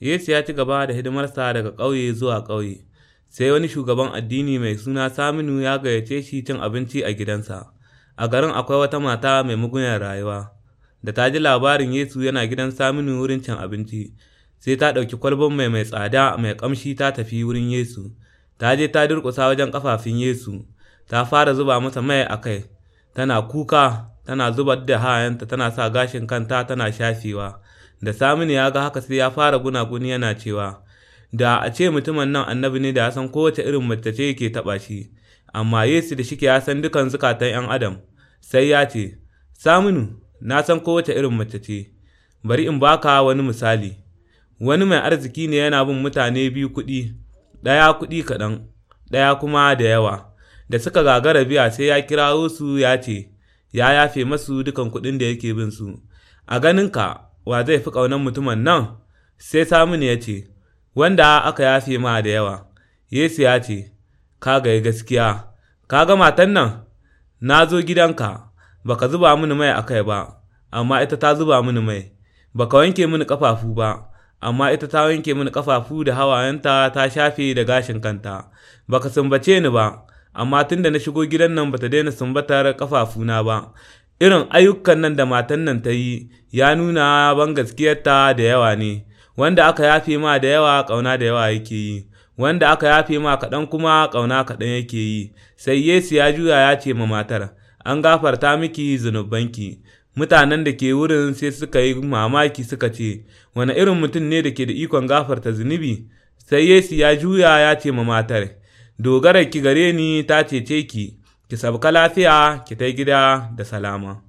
Yesu ya ci gaba da hidimarsa daga ƙauye zuwa ƙauye, sai wani shugaban addini mai suna Saminu ya gayyace shi cin abinci a gidansa. A garin akwai wata mata mai mugunyar rayuwa, da ta ji labarin Yesu yana gidan Saminu wurin cin abinci, sai ta ɗauki kwalban mai mai tsada mai ƙamshi ta tafi wurin Yesu, ta je ta durƙusa wajen ƙafafun Yesu, ta fara zuba masa mai a kai, tana kuka, tana zubar da hayanta, tana sa gashin kanta, tana shafewa. Da Saminu ya ga haka sai ya fara gunaguni yana cewa, Da a ce mutumin nan annabi ne da ya san kowace irin mace ce yake taɓa shi, amma Yesu da shike ya san dukan zukatan ‘yan Adam, sai ya ce, Saminu, na san kowace irin mace ce, bari in baka wani misali, wani mai arziki ne yana bin mutane biyu kuɗi, ɗaya kuɗi kaɗan, ɗaya kuma da yawa, da suka gagara biya sai ya kirawo su ya ce, ya yafe masu dukan kuɗin da yake bin su, a ganinka wa zai fi ƙaunar mutumin nan? Sai Saminu ya ce, Wanda aka yafe ma da yawa, Yesu ya ce, Ka ga gaskiya, ka ga matan nan, na zo gidanka, baka zuba mini mai a ba, amma ita ta zuba mini mai, baka wanke mini ƙafafu ba, amma ita ta wanke mini ƙafafu da hawayenta ta shafe da gashin kanta, baka sumbace ni ba, amma tun da na shigo gidan nan bata daina sumbatar ƙafafuna ba, Irin ayyukan nan da matan nan ta yi ya nuna ban gaskiyarta da yawa ne, wanda aka yafe ma da yawa ƙauna da yawa yake yi, wanda aka yafe ma kaɗan kuma ƙauna kaɗan yake yi, sai Yesu ya juya ya ce ma matar, An gafarta miki zunubanki. Mutanen da ke wurin sai suka yi mamaki suka ce, Wani irin mutum ne da ke da ikon gafarta zunubi? Sai Yesu ya juya ya ce ma matar, Dogara ki gare ni ta cece ki, ki ka lafiya ki ta gida da salama